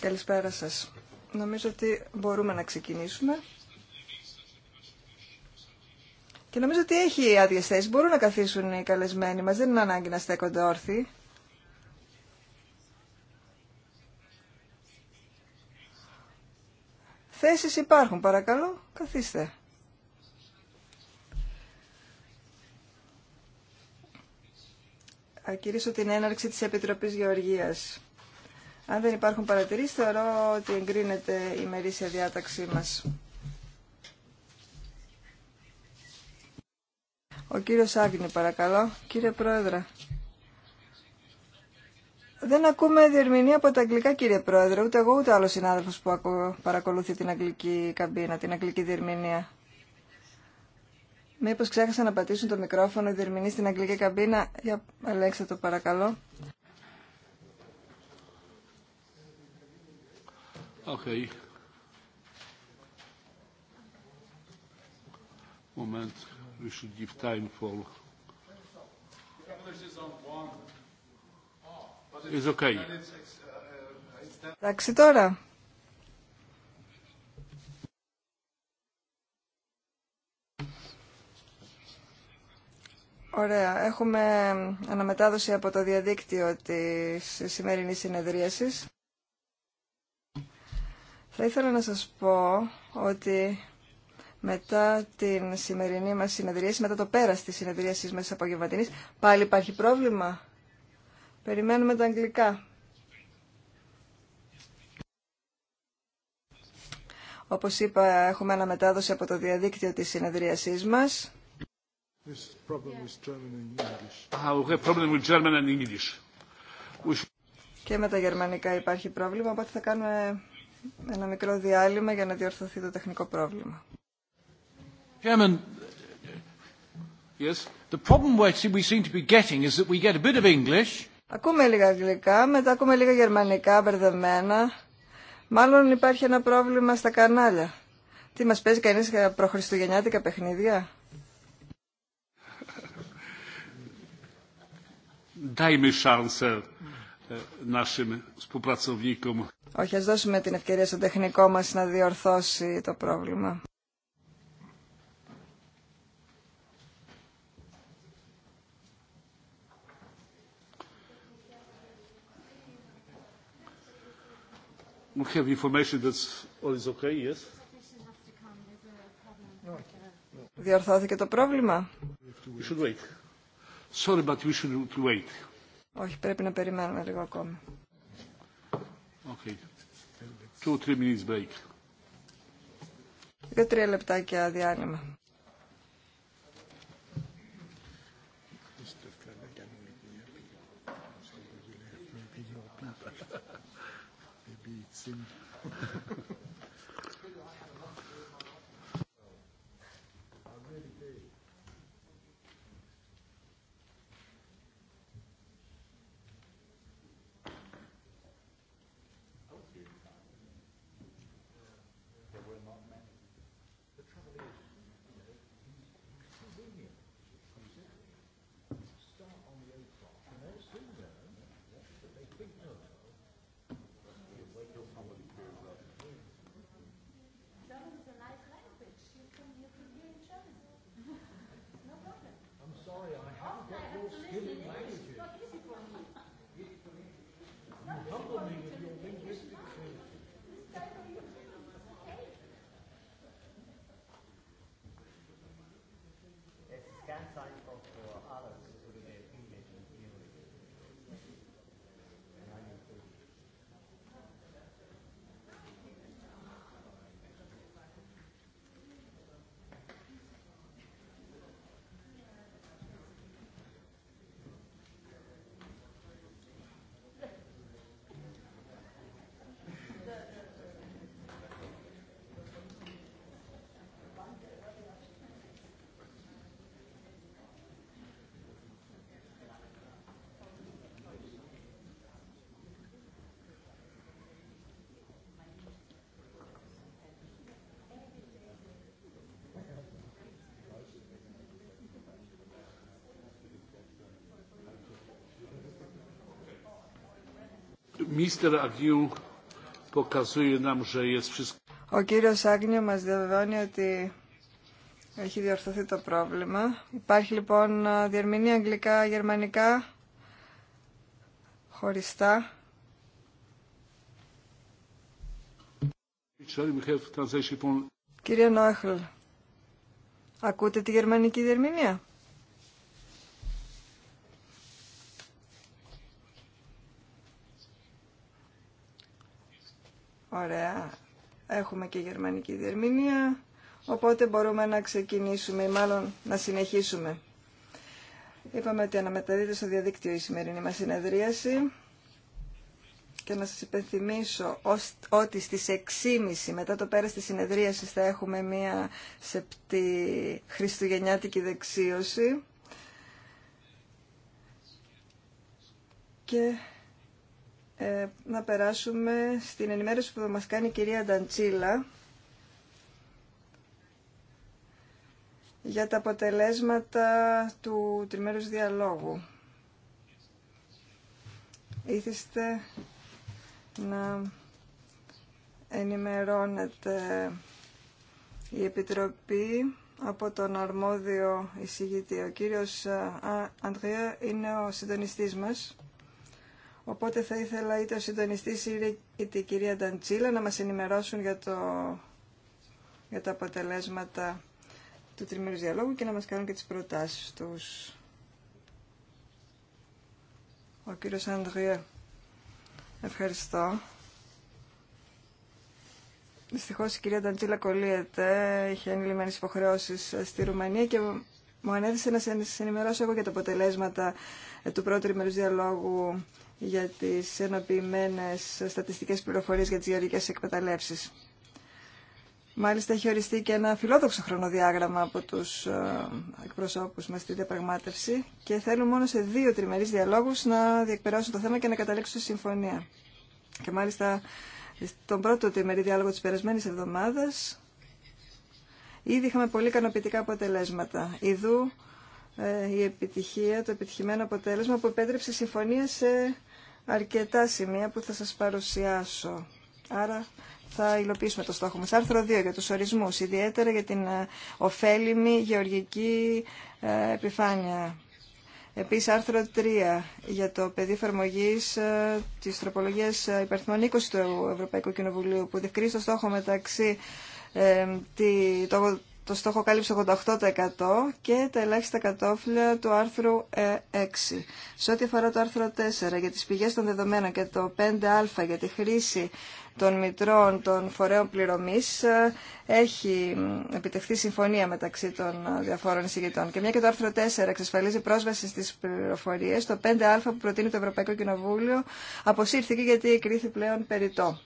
Καλησπέρα σα. Νομίζω ότι μπορούμε να ξεκινήσουμε. Και νομίζω ότι έχει άδειε θέσει. Μπορούν να καθίσουν οι καλεσμένοι Μα Δεν είναι ανάγκη να στέκονται όρθιοι. Θέσεις υπάρχουν. Παρακαλώ, καθίστε. Ακυρίσω την έναρξη της Επιτροπής Γεωργίας. Αν δεν υπάρχουν παρατηρήσεις, θεωρώ ότι εγκρίνεται η μερίσια διάταξή μας. Ο κύριος Άγνη, παρακαλώ. Κύριε Πρόεδρε. Δεν ακούμε διερμηνή από τα αγγλικά, κύριε Πρόεδρε, ούτε εγώ ούτε άλλος συνάδελφος που παρακολουθεί την αγγλική καμπίνα, την αγγλική διερμηνία. Μήπως ξέχασα να πατήσουν το μικρόφωνο οι στην αγγλική καμπίνα. Για, αλέξτε το παρακαλώ. Okay. Moment, we should give time for. It's okay. Εντάξει τώρα. Ωραία. Έχουμε αναμετάδοση από το διαδίκτυο της σημερινής συνεδρίασης. Θα ήθελα να σας πω ότι μετά την σημερινή μας συνεδρίαση, μετά το πέρας της συνεδρίασης μας από απογευματινής, πάλι υπάρχει πρόβλημα. Περιμένουμε τα αγγλικά. Όπως είπα, έχουμε αναμετάδοση από το διαδίκτυο της συνεδρίασής μας. Ah, Και με τα γερμανικά υπάρχει πρόβλημα, οπότε θα κάνουμε ένα μικρό διάλειμμα για να διορθωθεί το τεχνικό πρόβλημα. Chairman, yes, the problem we seem to be getting is that we get a bit of English. Ακούμε λίγα αγγλικά, μετά ακούμε λίγα γερμανικά μπερδεμένα. Μάλλον υπάρχει ένα πρόβλημα στα κανάλια. Τι μας παίζει κανείς για προχριστουγεννιάτικα παιχνίδια. Όχι, ας δώσουμε την ευκαιρία στον τεχνικό μας να διορθώσει το πρόβλημα. Διορθώθηκε το πρόβλημα. We όχι, πρέπει να περιμένουμε λίγο ακόμα. Okay. Για τρία λεπτάκια διάλειμμα. Thank you. Ο κύριος Άγνιο μας διαβεβαιώνει ότι έχει διορθωθεί το πρόβλημα. Υπάρχει λοιπόν διερμηνή αγγλικά, γερμανικά, χωριστά. Κύριε Νόεχλ, ακούτε τη γερμανική διερμηνία. Ωραία. Έχουμε και γερμανική διερμηνία, οπότε μπορούμε να ξεκινήσουμε ή μάλλον να συνεχίσουμε. Είπαμε ότι αναμεταδίδεται στο διαδίκτυο η σημερινή μας συνεδρίαση και να σας υπενθυμίσω ότι στις 6.30 μετά το πέρας της συνεδρίασης θα έχουμε μία σεπτή χριστουγεννιάτικη δεξίωση και ε, να περάσουμε στην ενημέρωση που μας κάνει η κυρία Νταντσίλα για τα αποτελέσματα του τριμέρους διαλόγου. Ήθεστε να ενημερώνετε η Επιτροπή από τον αρμόδιο εισηγητή. Ο κύριος Αντρια είναι ο συντονιστής μας. Οπότε θα ήθελα είτε ο συντονιστή είτε η κυρία Νταντσίλα να μας ενημερώσουν για, το, για τα αποτελέσματα του τριμερούς διαλόγου και να μας κάνουν και τις προτάσεις τους. Ο κύριος Ανδρία, Ευχαριστώ. Δυστυχώ η κυρία Νταντσίλα κολλείεται, είχε ανηλυμένε υποχρεώσει στη Ρουμανία και μου ανέθεσε να σα ενημερώσω εγώ για τα αποτελέσματα του πρώτου ημερού διαλόγου για τις ενοποιημένες στατιστικές πληροφορίες για τις γεωργικές εκμεταλλεύσεις. Μάλιστα έχει οριστεί και ένα φιλόδοξο χρονοδιάγραμμα από τους ε, εκπροσώπους μας στη διαπραγμάτευση και θέλουν μόνο σε δύο τριμερείς διαλόγους να διεκπεράσουν το θέμα και να καταλήξουν συμφωνία. Και μάλιστα στον πρώτο τριμερή διάλογο της περασμένης εβδομάδας ήδη είχαμε πολύ ικανοποιητικά αποτελέσματα. Ιδού ε, η επιτυχία, το επιτυχημένο αποτέλεσμα που επέτρεψε συμφωνία σε αρκετά σημεία που θα σας παρουσιάσω. Άρα θα υλοποιήσουμε το στόχο μας. Άρθρο 2 για τους ορισμούς, ιδιαίτερα για την ε, ωφέλιμη γεωργική ε, επιφάνεια. Επίσης άρθρο 3 για το πεδίο εφαρμογή ε, της τροπολογίας υπερθμών 20 του Ευρωπαϊκού Κοινοβουλίου που διευκρίνει το στόχο μεταξύ το το στόχο κάλυψε 88% και τα ελάχιστα κατόφλια του άρθρου 6. Ε, Σε ό,τι αφορά το άρθρο 4 για τις πηγές των δεδομένων και το 5α για τη χρήση των μητρών των φορέων πληρωμής ε, έχει επιτευχθεί συμφωνία μεταξύ των ε, διαφόρων εισηγητών. Και μια και το άρθρο 4 εξασφαλίζει πρόσβαση στις πληροφορίες, το 5α που προτείνει το Ευρωπαϊκό Κοινοβούλιο αποσύρθηκε γιατί κρίθη πλέον περιττό.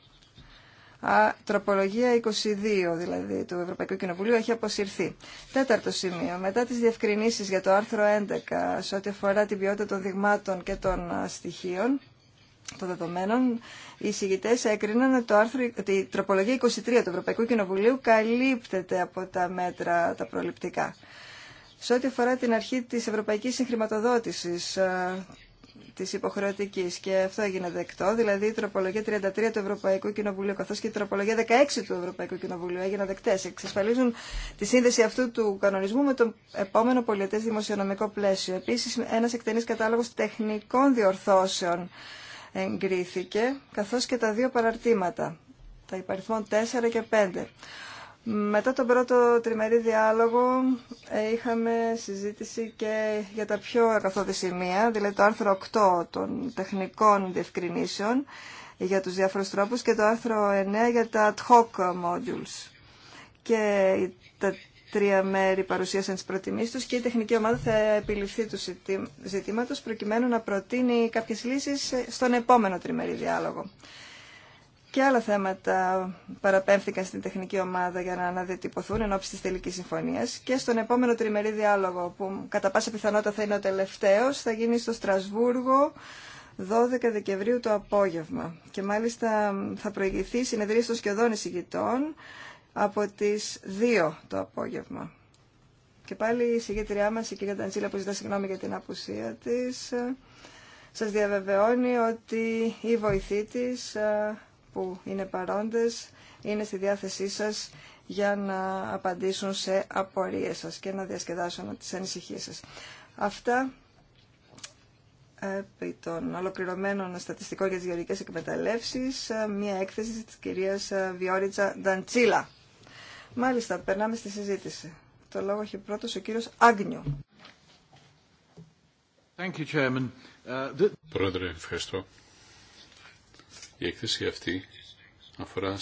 Α, τροπολογία 22, δηλαδή, του Ευρωπαϊκού Κοινοβουλίου έχει αποσυρθεί. Τέταρτο σημείο. Μετά τις διευκρινήσεις για το άρθρο 11, σε ό,τι αφορά την ποιότητα των δειγμάτων και των στοιχείων, των δεδομένων, οι εισηγητέ έκριναν ότι, το άρθρο, ότι η τροπολογία 23 του Ευρωπαϊκού Κοινοβουλίου καλύπτεται από τα μέτρα τα προληπτικά. Σε ό,τι αφορά την αρχή της ευρωπαϊκής συγχρηματοδότησης, τη υποχρεωτική και αυτό έγινε δεκτό, δηλαδή η τροπολογία 33 του Ευρωπαϊκού Κοινοβουλίου καθώς και η τροπολογία 16 του Ευρωπαϊκού Κοινοβουλίου έγιναν δεκτέ. Εξασφαλίζουν τη σύνδεση αυτού του κανονισμού με το επόμενο πολιτές δημοσιονομικό πλαίσιο. Επίσης ένας εκτενής κατάλογος τεχνικών διορθώσεων εγκρίθηκε καθώ και τα δύο παραρτήματα, τα υπαριθμών 4 και 5 μετά τον πρώτο τριμερή διάλογο ε, είχαμε συζήτηση και για τα πιο αγαθόδη σημεία, δηλαδή το άρθρο 8 των τεχνικών διευκρινήσεων για τους διάφορους τρόπους και το άρθρο 9 για τα ad hoc modules. Και τα τρία μέρη παρουσίασαν τις προτιμήσεις τους και η τεχνική ομάδα θα επιληφθεί του ζητήματος προκειμένου να προτείνει κάποιες λύσεις ε, στον επόμενο τριμερή διάλογο και άλλα θέματα παραπέμφθηκαν στην τεχνική ομάδα για να αναδιατυπωθούν εν ώψη τη τελική συμφωνία. Και στον επόμενο τριμερή διάλογο, που κατά πάσα πιθανότητα θα είναι ο τελευταίο, θα γίνει στο Στρασβούργο 12 Δεκεμβρίου το απόγευμα. Και μάλιστα θα προηγηθεί η συνεδρία των σχεδόν εισηγητών από τι 2 το απόγευμα. Και πάλι η εισηγήτριά μα, η κυρία Ταντσίλα, που ζητά συγγνώμη για την απουσία τη. Ε, σα διαβεβαιώνει ότι η βοηθή τη. Ε, που είναι παρόντες είναι στη διάθεσή σας για να απαντήσουν σε απορίες σας και να διασκεδάσουν τις ανησυχίες σας. Αυτά επί των ολοκληρωμένων στατιστικών για τις γεωργικές εκμεταλλεύσεις, ε, μια έκθεση της κυρίας ε, Βιόριτσα Νταντσίλα. Μάλιστα, περνάμε στη συζήτηση. Το λόγο έχει πρώτος ο κύριος Άγνιου. Thank you, ε, Πρόεδρε, ευχαριστώ. Η έκθεση αυτή αφορά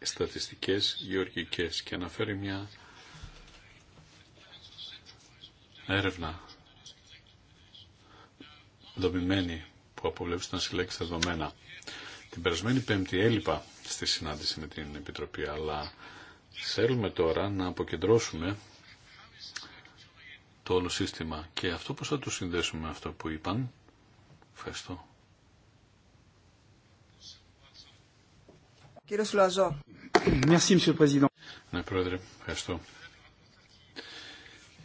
στατιστικές γεωργικές και αναφέρει μια έρευνα δομημένη που αποβλέπει να συλλέξει τα δεδομένα. Την περασμένη πέμπτη έλειπα στη συνάντηση με την Επιτροπή, αλλά θέλουμε τώρα να αποκεντρώσουμε το όλο σύστημα και αυτό πώς θα το συνδέσουμε με αυτό που είπαν. Ευχαριστώ. Κύριος Λουαζό. Ναι, Πρόεδρε, ευχαριστώ.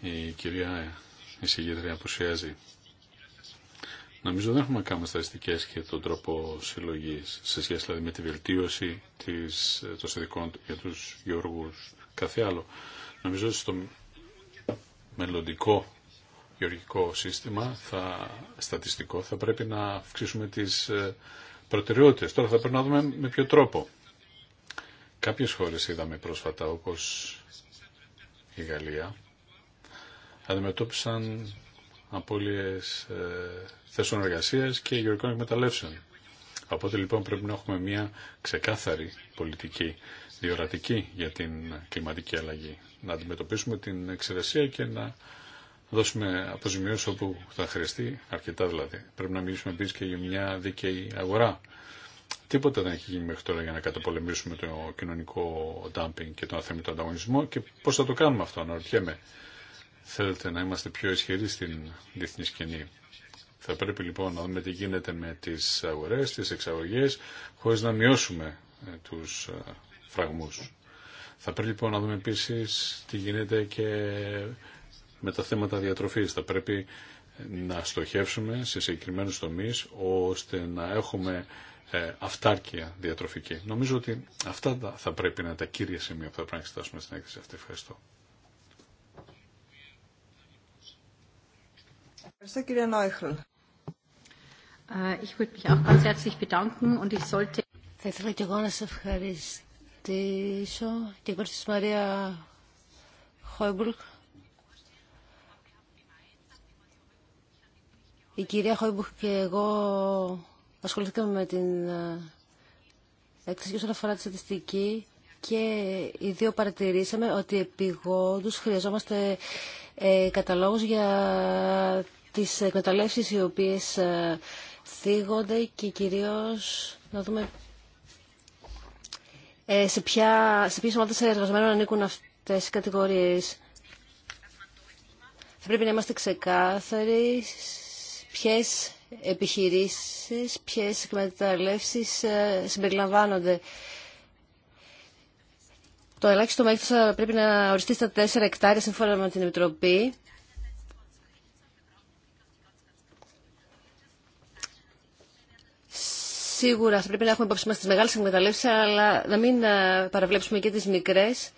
Η κυρία εισηγήτρια αποσιάζει. Νομίζω δεν έχουμε κάνει στατιστικέ και τον τρόπο συλλογή σε σχέση δηλαδή, με τη βελτίωση της, των συνδικών για του γεωργού. Κάθε άλλο. Νομίζω ότι στο μελλοντικό γεωργικό σύστημα θα, στατιστικό θα πρέπει να αυξήσουμε τι ε, προτεραιότητε. Τώρα θα πρέπει να δούμε με ποιο τρόπο. Κάποιες χώρες είδαμε πρόσφατα, όπως η Γαλλία, αντιμετώπισαν απώλειες ε, θέσεων εργασίας και γεωργικών εκμεταλλεύσεων. Οπότε λοιπόν πρέπει να έχουμε μια ξεκάθαρη πολιτική, διορατική για την κλιματική αλλαγή. Να αντιμετωπίσουμε την εξαιρεσία και να δώσουμε αποζημιώσεις όπου θα χρειαστεί, αρκετά δηλαδή. Πρέπει να μιλήσουμε επίσης και για μια δίκαιη αγορά Τίποτα δεν έχει γίνει μέχρι τώρα για να καταπολεμήσουμε το κοινωνικό ντάμπινγκ και τον αθέμητο ανταγωνισμό και πώς θα το κάνουμε αυτό, αναρωτιέμαι. Θέλετε να είμαστε πιο ισχυροί στην διεθνή σκηνή. Θα πρέπει λοιπόν να δούμε τι γίνεται με τις αγορές, τις εξαγωγές, χωρίς να μειώσουμε ε, τους ε, φραγμούς. Θα πρέπει λοιπόν να δούμε επίσης τι γίνεται και με τα θέματα διατροφής. Θα πρέπει να στοχεύσουμε σε συγκεκριμένου τομεί ώστε να έχουμε ε, αυτάρκεια διατροφική. Νομίζω ότι αυτά θα πρέπει να είναι τα κύρια σημεία που θα πρέπει να εξετάσουμε στην έκθεση αυτή. Ευχαριστώ. Ευχαριστώ κύριε Νόιχλ. Äh, θα ήθελα και εγώ να σας ευχαριστήσω και εγώ της Μαρία Χόιμπουργκ. Η κυρία Χόιμπουργκ και εγώ ασχοληθήκαμε με την ε, έκθεση όσον αφορά τη στατιστική και οι δύο παρατηρήσαμε ότι επιγόντως χρειαζόμαστε ε, καταλόγους για τις εκμεταλλεύσεις οι οποίες ε, θίγονται και κυρίως να δούμε ε, σε, ποια, σε ποιες ομάδες εργαζομένων ανήκουν αυτές οι κατηγορίες. Θα πρέπει να είμαστε ξεκάθαροι ποιες επιχειρήσεις, ποιες εκμεταλλεύσεις ε, συμπεριλαμβάνονται. Το ελάχιστο μέγεθος πρέπει να οριστεί στα 4 εκτάρια σύμφωνα με την Επιτροπή. Σίγουρα θα πρέπει να έχουμε υπόψη μας τις μεγάλες εκμεταλλεύσεις, αλλά να μην ε, παραβλέψουμε και τις μικρές.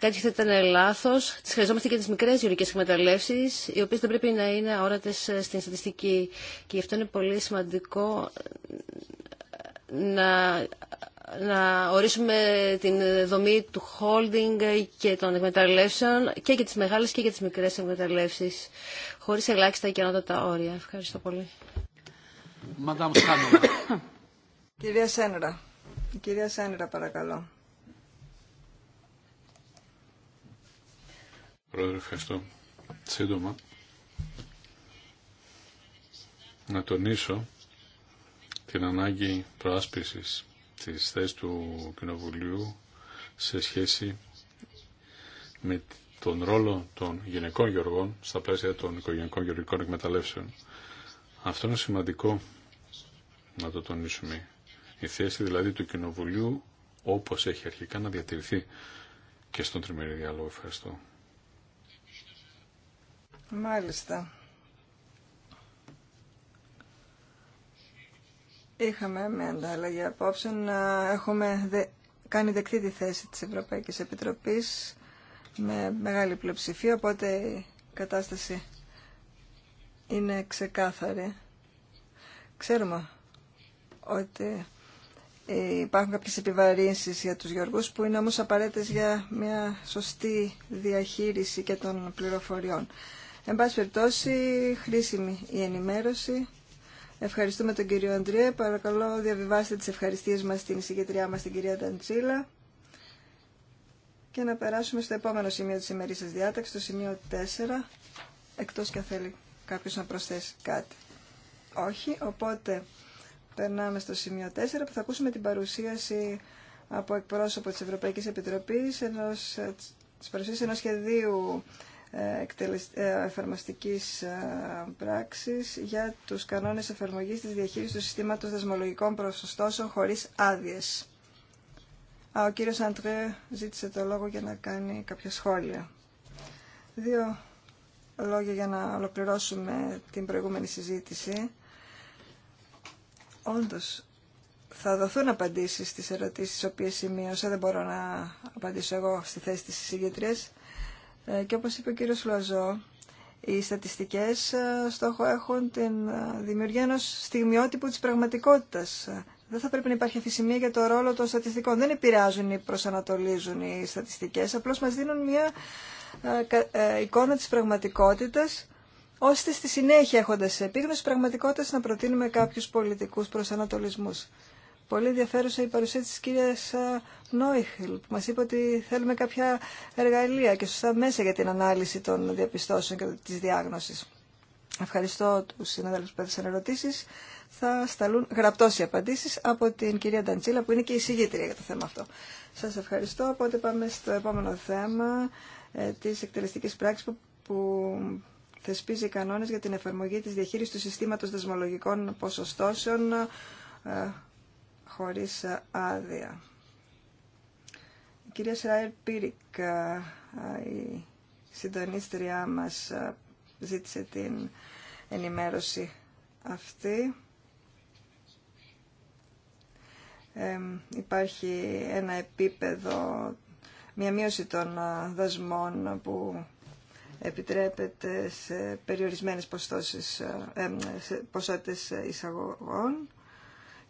Κάτι θα ήταν λάθο. Τι χρειαζόμαστε και τι μικρέ γεωργικέ εκμεταλλεύσει, οι οποίε δεν πρέπει να είναι αόρατε ε, στην στατιστική. Και γι' αυτό είναι πολύ σημαντικό ε, να, να ορίσουμε την δομή του holding και των εκμεταλλεύσεων και για τις μεγάλες και για τις μικρές εκμεταλλεύσει, χωρίς ελάχιστα και ανώτατα όρια. Ευχαριστώ πολύ. Κυρία Σένρα, κυρία παρακαλώ. Πρόεδρε, ευχαριστώ. Σύντομα, να τονίσω την ανάγκη προάσπισης της θέσης του Κοινοβουλίου σε σχέση με τον ρόλο των γυναικών γεωργών στα πλαίσια των οικογενειακών γεωργικών εκμεταλλεύσεων. Αυτό είναι σημαντικό να το τονίσουμε. Η θέση δηλαδή του Κοινοβουλίου όπως έχει αρχικά να διατηρηθεί και στον τριμερή διάλογο. Ευχαριστώ. Μάλιστα. Είχαμε με αντάλλαγη απόψε να έχουμε κάνει δεκτή τη θέση της Ευρωπαϊκής Επιτροπής με μεγάλη πλειοψηφία, οπότε η κατάσταση είναι ξεκάθαρη. Ξέρουμε ότι υπάρχουν κάποιες επιβαρύνσεις για τους Γιώργους, που είναι όμως απαραίτητες για μια σωστή διαχείριση και των πληροφοριών. Εν πάση περιπτώσει, χρήσιμη η ενημέρωση. Ευχαριστούμε τον κύριο Αντρία. Παρακαλώ διαβιβάστε τις ευχαριστίες μας στην συγκεκριά μας, την κυρία Ταντσίλα. Και να περάσουμε στο επόμενο σημείο της ημερήσιας διάταξης, το σημείο 4, εκτός και αν θέλει κάποιος να προσθέσει κάτι. Όχι, οπότε περνάμε στο σημείο 4 που θα ακούσουμε την παρουσίαση από εκπρόσωπο της Ευρωπαϊκής Επιτροπής ενός, της παρουσίας ενός σχεδίου ε, εφαρμοστικής ε, πράξης για τους κανόνες εφαρμογής της διαχείρισης του συστήματος δεσμολογικών προσωστώσεων χωρίς άδειες. Α, ο κύριος Αντρέ ζήτησε το λόγο για να κάνει κάποια σχόλια. Δύο λόγια για να ολοκληρώσουμε την προηγούμενη συζήτηση. Όντως, θα δοθούν απαντήσεις στις ερωτήσεις τις οποίες σημείωσα, δεν μπορώ να απαντήσω εγώ στη θέση της ε, και όπως είπε ο κύριος Λαζό, οι στατιστικές ε, στόχο έχουν την ε, δημιουργία ενός στιγμιότυπου της πραγματικότητας. Δεν θα πρέπει να υπάρχει αφησιμία για το ρόλο των στατιστικών. Δεν επηρεάζουν ή προσανατολίζουν οι στατιστικές, απλώς μας δίνουν μια εικόνα της πραγματικότητας, ώστε στη συνέχεια έχοντας επίγνωση πραγματικότητας να προτείνουμε κάποιους πολιτικούς προσανατολισμούς. Πολύ ενδιαφέρουσα η παρουσία της κυρίας Νόιχλ που μας είπε ότι θέλουμε κάποια εργαλεία και σωστά μέσα για την ανάλυση των διαπιστώσεων και της διάγνωσης. Ευχαριστώ τους συναδέλφους που έθεσαν ερωτήσεις. Θα σταλούν γραπτός οι απαντήσεις από την κυρία Νταντσίλα που είναι και η συγγήτρια για το θέμα αυτό. Σας ευχαριστώ. Οπότε πάμε στο επόμενο θέμα ε, της εκτελεστικής πράξης που, που θεσπίζει κανόνες για την εφαρμογή της διαχείρισης του συστήματος δεσμολογικών ποσοστώσεων ε, χωρίς ε, άδεια. Η κυρία Σραέρ Πύρικ, ε, η συντονίστριά μας, ε, ζήτησε την ενημέρωση αυτή. υπάρχει ένα επίπεδο, μια μείωση των δασμών που επιτρέπεται σε περιορισμένες ποσότητες εισαγωγών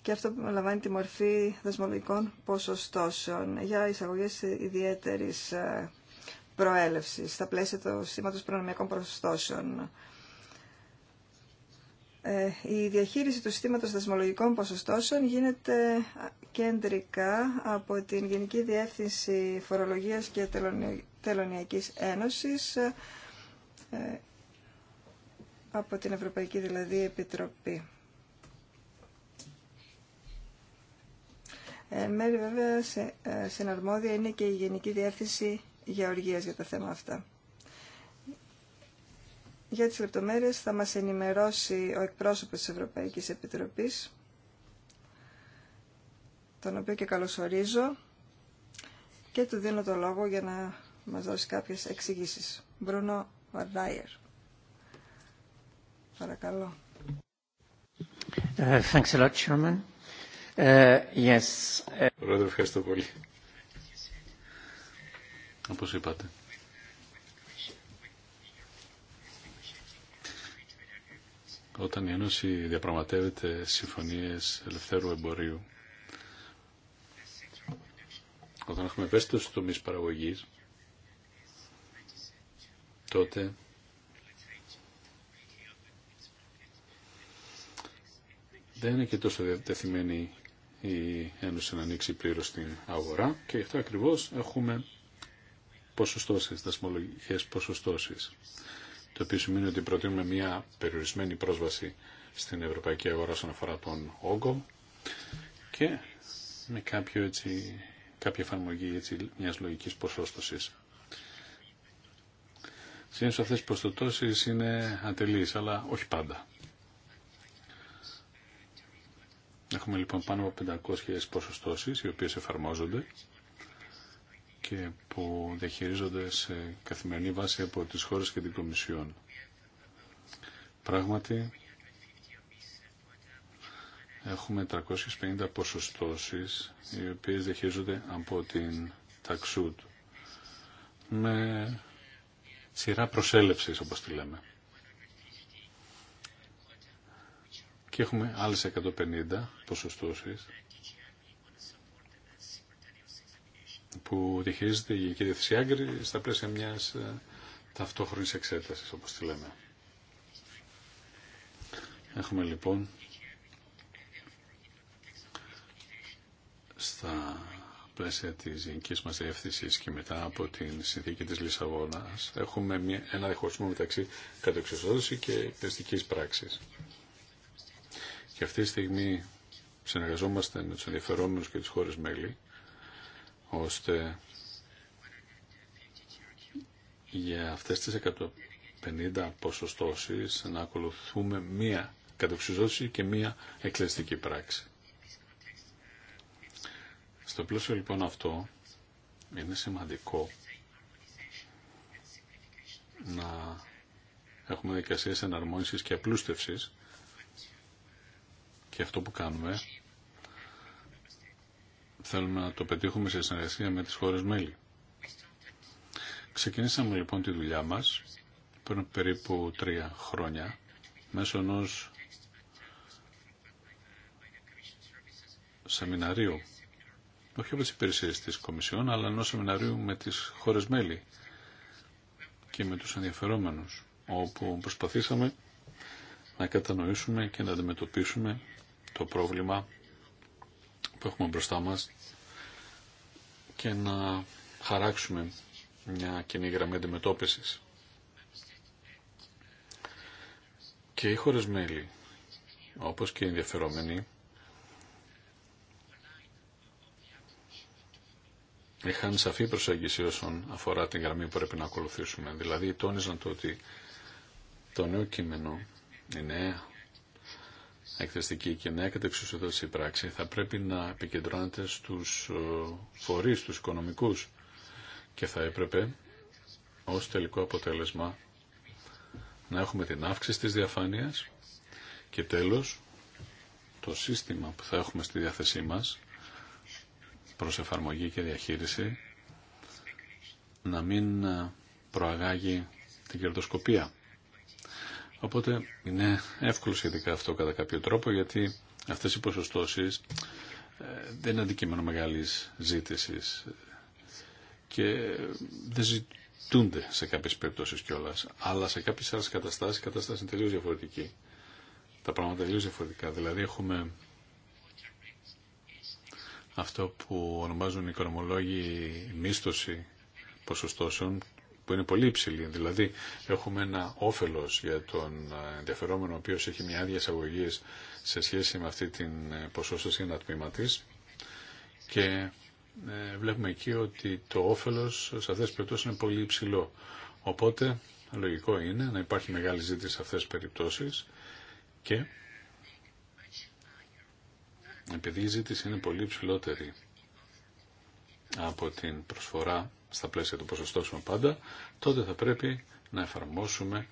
και αυτό λαμβάνει τη μορφή δεσμολογικών ποσοστώσεων για εισαγωγέ ιδιαίτερη ε, προέλευση στα πλαίσια του σύστηματος προνομιακών ποσοστώσεων. Ε, η διαχείριση του συστήματος δασμολογικών ποσοστώσεων γίνεται ε, κεντρικά από την Γενική Διεύθυνση Φορολογίας και Τελωνιακής Ένωσης, από την Ευρωπαϊκή δηλαδή Επιτροπή. Εν βέβαια σε, ε, συναρμόδια είναι και η Γενική Διεύθυνση Γεωργίας για τα θέματα αυτά. Για τις λεπτομέρειες θα μας ενημερώσει ο εκπρόσωπος της Ευρωπαϊκής Επιτροπής, τον οποίο και καλωσορίζω και του δίνω το λόγο για να μας δώσει κάποιες εξηγήσεις. Μπρούνο Βαρδάιερ. Παρακαλώ. Ε, thanks a lot, Chairman. Ε, yes. Ε, Πρόεδρε, ευχαριστώ πολύ. Όπως είπατε. Όταν η Ένωση διαπραγματεύεται συμφωνίες ελευθέρου εμπορίου, όταν έχουμε ευαίσθητος τομείς παραγωγής, τότε δεν είναι και τόσο διατεθειμένοι η Ένωση να ανοίξει πλήρως την αγορά και γι' αυτό ακριβώς έχουμε ποσοστώσεις, δασμολογικές ποσοστώσεις. Το οποίο σημαίνει ότι προτείνουμε μια περιορισμένη πρόσβαση στην ευρωπαϊκή αγορά όσον αφορά τον όγκο και με κάποιο έτσι, κάποια εφαρμογή έτσι, μιας λογικής ποσόστοσης. Συνήθως αυτές οι ποσοστώσεις είναι ατελείς, αλλά όχι πάντα. Έχουμε λοιπόν πάνω από 500.000 ποσοστώσεις οι οποίες εφαρμόζονται και που διαχειρίζονται σε καθημερινή βάση από τις χώρες και την Κομισιόν. Πράγματι, έχουμε 350 ποσοστώσεις οι οποίες διαχειρίζονται από την ταξούτ με σειρά προσέλευσης όπως τη λέμε. και έχουμε άλλες 150 ποσοστώσεις που διαχειρίζεται η Γενική Διευθυνσία στα πλαίσια μιας ε, ταυτόχρονης εξέτασης, όπως τη λέμε. Έχουμε λοιπόν στα πλαίσια τη γενική μα διεύθυνση και μετά από την συνθήκη τη Λισαβόνα, έχουμε μια, ένα διχωρισμό μεταξύ κατεξοδότηση και πιστική πράξη. Και αυτή τη στιγμή συνεργαζόμαστε με τους ενδιαφερόμενους και τις χώρες μέλη, ώστε για αυτές τις 150 ποσοστώσεις να ακολουθούμε μία κατοξιζώση και μία εκκληστική πράξη. Στο πλαίσιο λοιπόν αυτό είναι σημαντικό να έχουμε δικασίες εναρμόνισης και απλούστευσης και αυτό που κάνουμε θέλουμε να το πετύχουμε σε συνεργασία με τις χώρες μέλη. Ξεκινήσαμε λοιπόν τη δουλειά μας πριν περίπου τρία χρόνια μέσω ενό σεμιναρίου όχι από τις υπηρεσίες της Κομισιόν αλλά ενό σεμιναρίου με τις χώρες μέλη και με τους ενδιαφερόμενους όπου προσπαθήσαμε να κατανοήσουμε και να αντιμετωπίσουμε το πρόβλημα που έχουμε μπροστά μας και να χαράξουμε μια κοινή γραμμή αντιμετώπιση. Και οι χώρες μέλη, όπως και οι ενδιαφερόμενοι, είχαν σαφή προσέγγιση όσον αφορά την γραμμή που πρέπει να ακολουθήσουμε. Δηλαδή τόνιζαν το ότι το νέο κείμενο, η νέα Εκθεστική και νέα κατεξουσιοδότηση πράξη θα πρέπει να επικεντρώνεται στους ε, φορείς, τους οικονομικούς και θα έπρεπε ως τελικό αποτέλεσμα να έχουμε την αύξηση της διαφάνειας και τέλος το σύστημα που θα έχουμε στη διάθεσή μας προς εφαρμογή και διαχείριση να μην ε, προαγάγει την κερδοσκοπία Οπότε είναι εύκολο σχετικά αυτό κατά κάποιο τρόπο γιατί αυτές οι ποσοστώσεις ε, δεν είναι αντικείμενο μεγάλης ζήτησης και ε, δεν ζητούνται σε κάποιες περιπτώσεις κιόλα. αλλά σε κάποιες άλλες καταστάσεις η κατάσταση είναι τελείως διαφορετική. Τα πράγματα τελείως διαφορετικά. Δηλαδή έχουμε αυτό που ονομάζουν οι οικονομολόγοι μίσθωση ποσοστώσεων που είναι πολύ υψηλή. Δηλαδή έχουμε ένα όφελος για τον ενδιαφερόμενο ο οποίο έχει μια άδεια εισαγωγή σε σχέση με αυτή την ποσόστοση ένα τμήμα τη, και ε, βλέπουμε εκεί ότι το όφελος σε αυτές τις περιπτώσεις είναι πολύ υψηλό. Οπότε λογικό είναι να υπάρχει μεγάλη ζήτηση σε αυτές τι περιπτώσεις και επειδή η ζήτηση είναι πολύ υψηλότερη από την προσφορά στα πλαίσια του ποσοστώσεων πάντα, τότε θα πρέπει να εφαρμόσουμε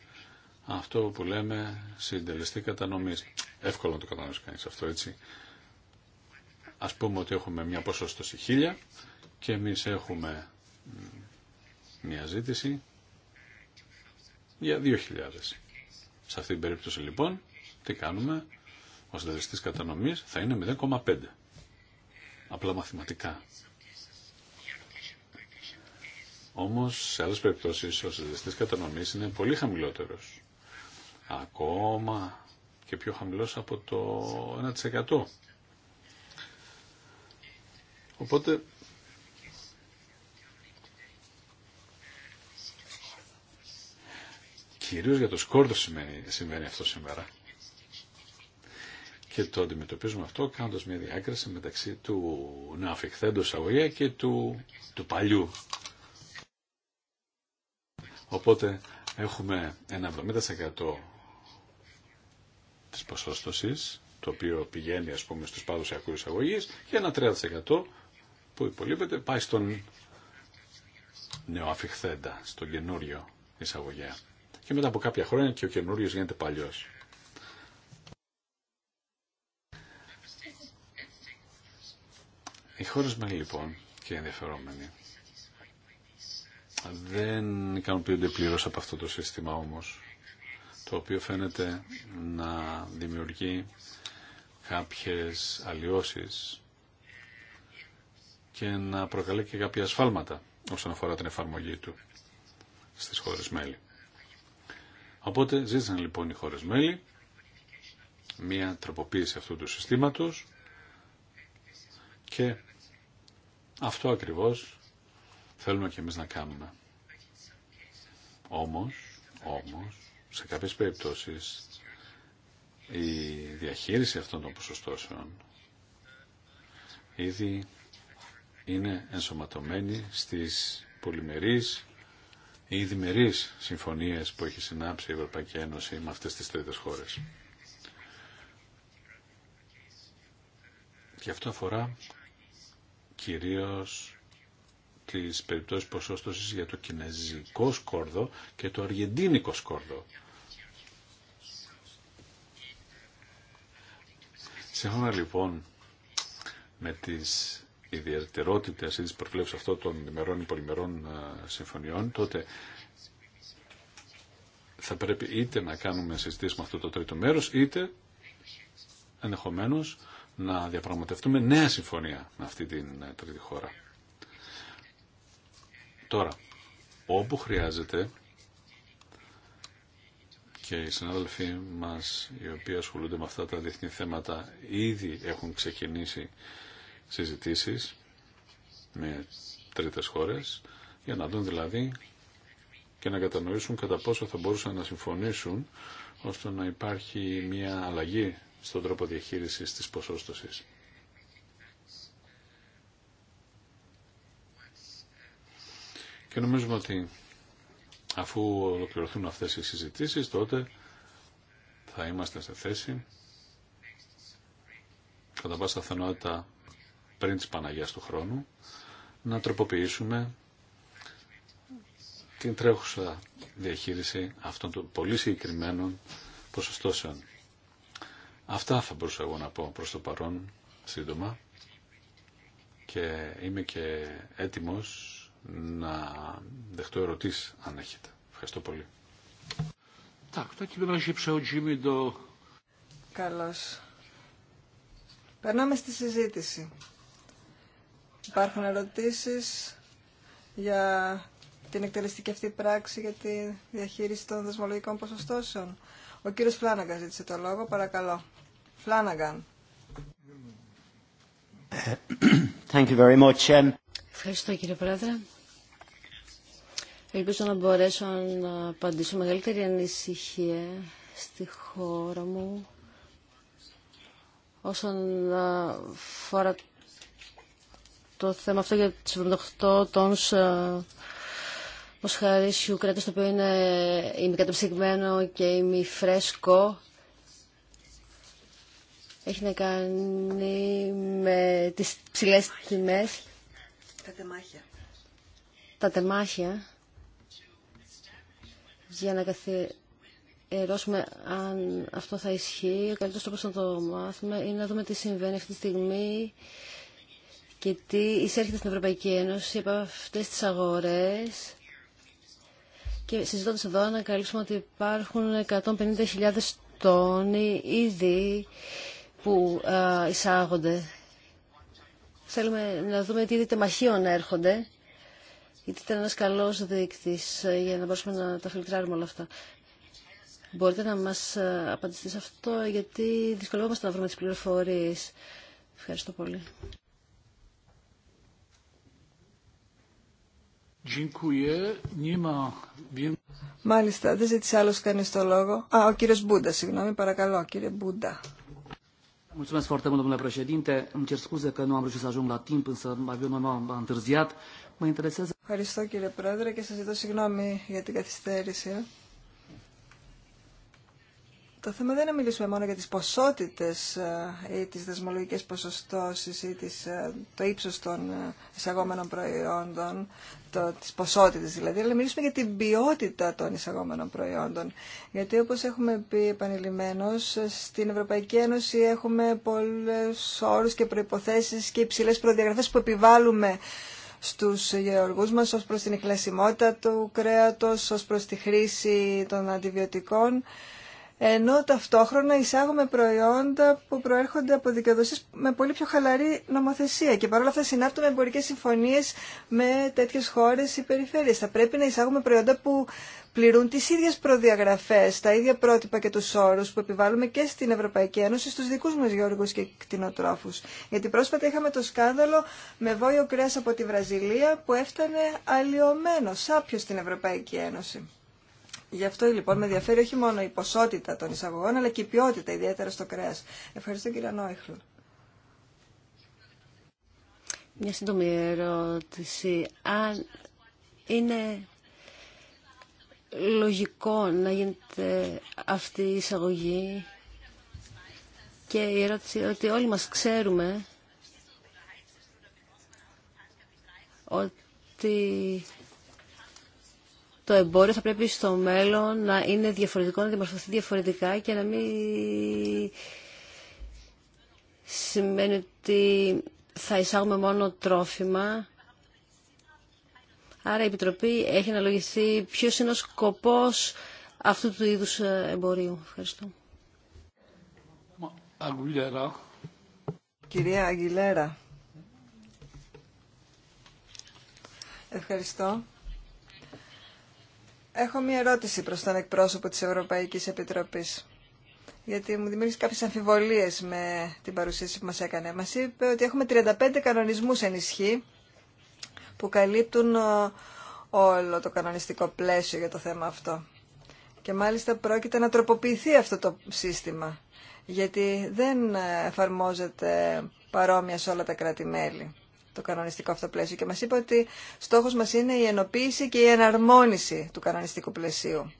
αυτό που λέμε συντελεστή κατανομή. Εύκολο να το κατανοήσει κανεί αυτό έτσι. Α πούμε ότι έχουμε μια ποσόστοση χίλια και εμεί έχουμε μια ζήτηση για 2.000. Σε αυτή την περίπτωση λοιπόν, τι κάνουμε, ο συντελεστή κατανομή θα είναι 0,5. Απλά μαθηματικά Όμω, σε άλλε περιπτώσει, ο συντελεστής κατανομή είναι πολύ χαμηλότερο. Ακόμα και πιο χαμηλό από το 1%. Οπότε Κυρίω για το σκόρδο σημαίνει, συμβαίνει αυτό σήμερα. Και το αντιμετωπίζουμε αυτό κάνοντας μια διάκριση μεταξύ του να αφιχθέντος αγωγία και του, του παλιού Οπότε έχουμε ένα 70% της ποσόστοσης, το οποίο πηγαίνει ας πούμε στους παραδοσιακούς εισαγωγή και ένα 30% που υπολείπεται πάει στον νεοαφιχθέντα, στον καινούριο εισαγωγέα. Και μετά από κάποια χρόνια και ο καινούριο γίνεται παλιός. Οι χώρες μένουν λοιπόν και ενδιαφερόμενοι δεν ικανοποιούνται πλήρω από αυτό το σύστημα όμως, το οποίο φαίνεται να δημιουργεί κάποιες αλλοιώσεις και να προκαλεί και κάποια ασφάλματα όσον αφορά την εφαρμογή του στις χώρες μέλη. Οπότε ζήτησαν λοιπόν οι χώρες μέλη μία τροποποίηση αυτού του συστήματος και αυτό ακριβώς θέλουμε και εμείς να κάνουμε. Όμως, όμως, σε κάποιες περιπτώσεις η διαχείριση αυτών των ποσοστώσεων ήδη είναι ενσωματωμένη στις πολυμερείς ή διμερείς συμφωνίες που έχει συνάψει η Ευρωπαϊκή Ένωση με αυτές τις τρίτες χώρες. Και αυτό αφορά κυρίως τις περιπτώσεις ποσόστοσης για το κινέζικο σκόρδο και το αργεντίνικο σκόρδο. Σύμφωνα λοιπόν με τις ιδιαιτερότητες ή τις προβλέψεις αυτών των ημερών ή πολυμερών ε, συμφωνιών, τότε θα πρέπει είτε να κάνουμε συζητήσεις με αυτό το τρίτο μέρος, είτε ενδεχομένως να διαπραγματευτούμε νέα συμφωνία με αυτή την ε, τρίτη χώρα. Τώρα, όπου χρειάζεται και οι συνάδελφοί μας οι οποίοι ασχολούνται με αυτά τα διεθνή θέματα ήδη έχουν ξεκινήσει συζητήσεις με τρίτες χώρες για να δουν δηλαδή και να κατανοήσουν κατά πόσο θα μπορούσαν να συμφωνήσουν ώστε να υπάρχει μια αλλαγή στον τρόπο διαχείρισης της ποσόστοσης. Και νομίζουμε ότι αφού ολοκληρωθούν αυτές οι συζητήσεις, τότε θα είμαστε σε θέση κατά πάσα θενότητα πριν της Παναγιάς του χρόνου να τροποποιήσουμε την τρέχουσα διαχείριση αυτών των πολύ συγκεκριμένων ποσοστώσεων. Αυτά θα μπορούσα εγώ να πω προς το παρόν σύντομα και είμαι και έτοιμος να δεχτώ ερωτήσεις αν έχετε. Ευχαριστώ πολύ. Καλώ Περνάμε στη συζήτηση. Υπάρχουν ερωτήσεις για την εκτελεστική αυτή πράξη για τη διαχείριση των δεσμολογικών ποσοστώσεων. Ο κύριος Φλάναγκαν ζήτησε το λόγο, παρακαλώ. Φλάναγκαν. Thank you Ευχαριστώ κύριε Πρόεδρε. Ελπίζω να μπορέσω να απαντήσω μεγαλύτερη ανησυχία στη χώρα μου όσον αφορά το θέμα αυτό για τις 78 τόνους μοσχαρίσιου ε, κράτος το οποίο είναι ημικατεψυγμένο και ημιφρέσκο έχει να κάνει με τις ψηλές τιμές τα τεμάχια. Τα για να καθιερώσουμε αν αυτό θα ισχύει. Ο καλύτερος τρόπος να το μάθουμε είναι να δούμε τι συμβαίνει αυτή τη στιγμή και τι εισέρχεται στην Ευρωπαϊκή Ένωση από αυτές τις αγορές. Και συζητώντας εδώ ανακαλύψουμε ότι υπάρχουν 150.000 τόνοι ήδη που εισάγονται Θέλουμε να δούμε τι είδη τεμαχίων έρχονται, γιατί ήταν ένας καλός δείκτης ε, για να μπορούμε να τα φιλτράρουμε όλα αυτά. Μπορείτε να μας ε, απαντήσετε σε αυτό, γιατί δυσκολεύομαστε να βρούμε τις πληροφορίες. Ευχαριστώ πολύ. Μάλιστα, δεν ζήτησε άλλο κανεί το λόγο. Α, ο κύριο Μπούντα, συγγνώμη, παρακαλώ, κύριε Μπούντα. Mulțumesc foarte mult, domnule președinte. Îmi cer scuze că nu am reușit să ajung la timp, însă avionul meu a întârziat. Mă interesează... Ευχαριστώ κύριε Πρόεδρε και σας ζητώ συγγνώμη για την καθυστέρηση το θέμα δεν είναι να μιλήσουμε μόνο για τις ποσότητες ε, ή τις δεσμολογικές ποσοστώσεις ή ε, το ύψος των ε, εισαγόμενων προϊόντων, το, τις ποσότητες δηλαδή, αλλά να μιλήσουμε για την ποιότητα των εισαγόμενων προϊόντων. Γιατί όπως έχουμε πει επανειλημμένως, στην Ευρωπαϊκή Ένωση έχουμε πολλές όρους και προϋποθέσεις και υψηλές προδιαγραφές που επιβάλλουμε στους γεωργούς μας ως προς την εκλασιμότητα του κρέατος, ως προς τη χρήση των αντιβιωτικών ενώ ταυτόχρονα εισάγουμε προϊόντα που προέρχονται από δικαιοδοσίες με πολύ πιο χαλαρή νομοθεσία και παρόλα αυτά συνάπτουμε εμπορικές συμφωνίες με τέτοιες χώρες ή περιφέρειες. Θα πρέπει να εισάγουμε προϊόντα που πληρούν τις ίδιες προδιαγραφές, τα ίδια πρότυπα και τους όρους που επιβάλλουμε και στην Ευρωπαϊκή Ένωση στους δικούς μας γεωργούς και κτηνοτρόφους. Γιατί πρόσφατα είχαμε το σκάνδαλο με βόλιο κρέας από τη Βραζιλία που έφτανε αλλοιωμένο, σάπιο στην Ευρωπαϊκή Ένωση. Γι' αυτό λοιπόν με ενδιαφέρει όχι μόνο η ποσότητα των εισαγωγών, αλλά και η ποιότητα, ιδιαίτερα στο κρέα. Ευχαριστώ κύριε Νόιχλου. Μια σύντομη ερώτηση. Αν είναι λογικό να γίνεται αυτή η εισαγωγή και η ερώτηση ότι όλοι μας ξέρουμε ότι το εμπόριο θα πρέπει στο μέλλον να είναι διαφορετικό, να διαμορφωθεί διαφορετικά και να μην σημαίνει ότι θα εισάγουμε μόνο τρόφιμα. Άρα η Επιτροπή έχει αναλογιστεί ποιος είναι ο σκοπός αυτού του είδους ε, εμπορίου. Ευχαριστώ. Αγγουλέρα. Κυρία Αγγιλέρα. Ευχαριστώ. Έχω μία ερώτηση προς τον εκπρόσωπο της Ευρωπαϊκής Επιτροπής. Γιατί μου δημιούργησε κάποιες αμφιβολίες με την παρουσίαση που μας έκανε. Μας είπε ότι έχουμε 35 κανονισμούς ισχύ που καλύπτουν ε, όλο το κανονιστικό πλαίσιο για το θέμα αυτό. Και μάλιστα πρόκειται να τροποποιηθεί αυτό το σύστημα, γιατί δεν ε, εφαρμόζεται παρόμοια σε όλα τα κράτη-μέλη το κανονιστικό αυτό πλαίσιο και μας είπε ότι στόχος μας είναι η ενοποίηση και η εναρμόνιση του κανονιστικού πλαισίου.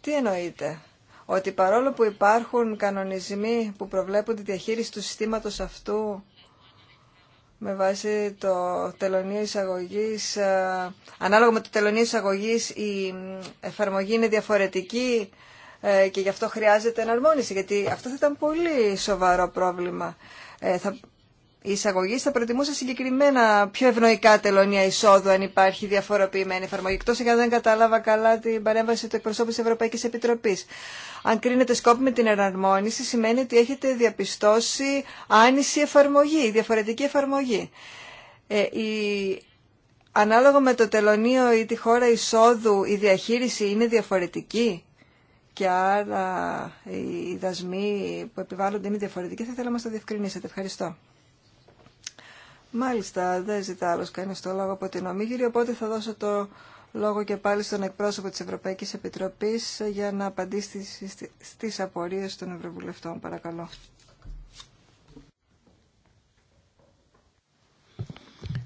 Τι εννοείται, ότι παρόλο που υπάρχουν κανονισμοί που προβλέπουν τη διαχείριση του συστήματος αυτού με βάση το τελωνίο εισαγωγή, ε, ανάλογα με το τελωνίο εισαγωγή, η εφαρμογή είναι διαφορετική ε, και γι' αυτό χρειάζεται εναρμόνιση, γιατί αυτό θα ήταν πολύ σοβαρό πρόβλημα. Ε, θα εισαγωγή θα προτιμούσα συγκεκριμένα πιο ευνοϊκά τελωνία εισόδου αν υπάρχει διαφοροποιημένη εφαρμογή. εκτό αν δεν κατάλαβα καλά την παρέμβαση του εκπροσώπου της Ευρωπαϊκής Επιτροπής. Αν κρίνετε σκόπι με την εναρμόνιση σημαίνει ότι έχετε διαπιστώσει άνηση εφαρμογή, διαφορετική εφαρμογή. Ε, η... Ανάλογα με το τελωνίο ή τη χώρα εισόδου η διαχείριση είναι διαφορετική και άρα οι δασμοί που επιβάλλονται είναι διαφορετικοί. Θα ήθελα να μας το διευκρινίσετε. Ευχαριστώ. Μάλιστα, δεν ζητά άλλο κανεί το λόγο από την Ομίγυρη, οπότε θα δώσω το λόγο και πάλι στον εκπρόσωπο της Ευρωπαϊκής Επιτροπής για να απαντήσει στις απορίες των Ευρωβουλευτών. Παρακαλώ.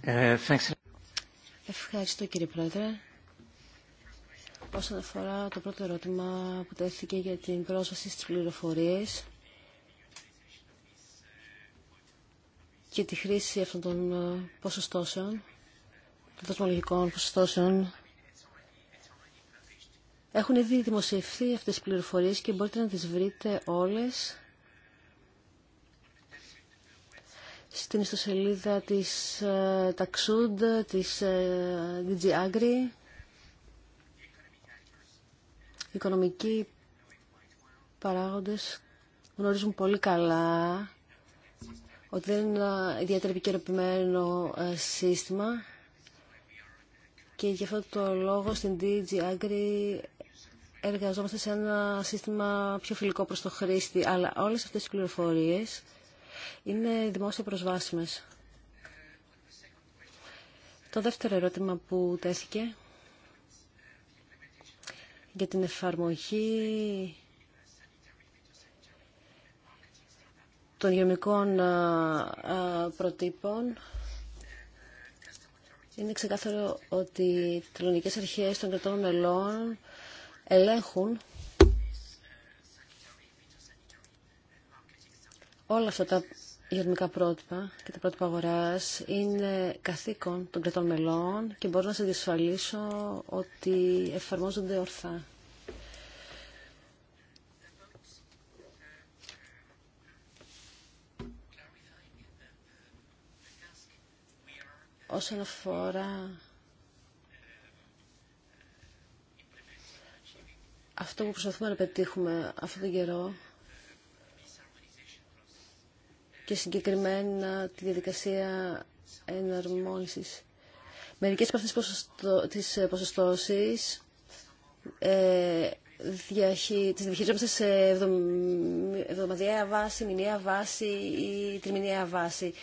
Ε, Ευχαριστώ κύριε Πρόεδρε. Όσον αφορά το πρώτο ερώτημα που τέθηκε για την πρόσβαση στις πληροφορίες, και τη χρήση αυτών των ε, ποσοστώσεων, των δοσμολογικών ποσοστώσεων. Έχουν ήδη δημοσιευθεί αυτές οι πληροφορίες και μπορείτε να τις βρείτε όλες στην ιστοσελίδα της Ταξούντ, ε, της ε, DG Agri. Οι οικονομικοί παράγοντες γνωρίζουν πολύ καλά ότι δεν είναι ένα ιδιαίτερα επικαιροποιημένο ε, σύστημα και γι' αυτό το λόγο στην DG Agri εργαζόμαστε σε ένα σύστημα πιο φιλικό προς το χρήστη, αλλά όλες αυτές οι πληροφορίες είναι δημόσια προσβάσιμες. Το δεύτερο ερώτημα που τέθηκε για την εφαρμογή των γεωμικών προτύπων είναι ξεκάθαρο ότι οι τελωνικές αρχές των κρατών μελών ελέγχουν όλα αυτά τα γερμικά πρότυπα και τα πρότυπα αγοράς είναι καθήκον των κρατών μελών και μπορώ να σε διασφαλίσω ότι εφαρμόζονται ορθά. όσον αφορά αυτό που προσπαθούμε να πετύχουμε αυτόν τον καιρό και συγκεκριμένα τη διαδικασία εναρμόνισης. Μερικές από αυτές τις ποσοστώσεις ε, διαχει, τις διαχειριζόμαστε σε εβδομαδιαία βάση, μηνιαία βάση ή τριμηνιαία βάση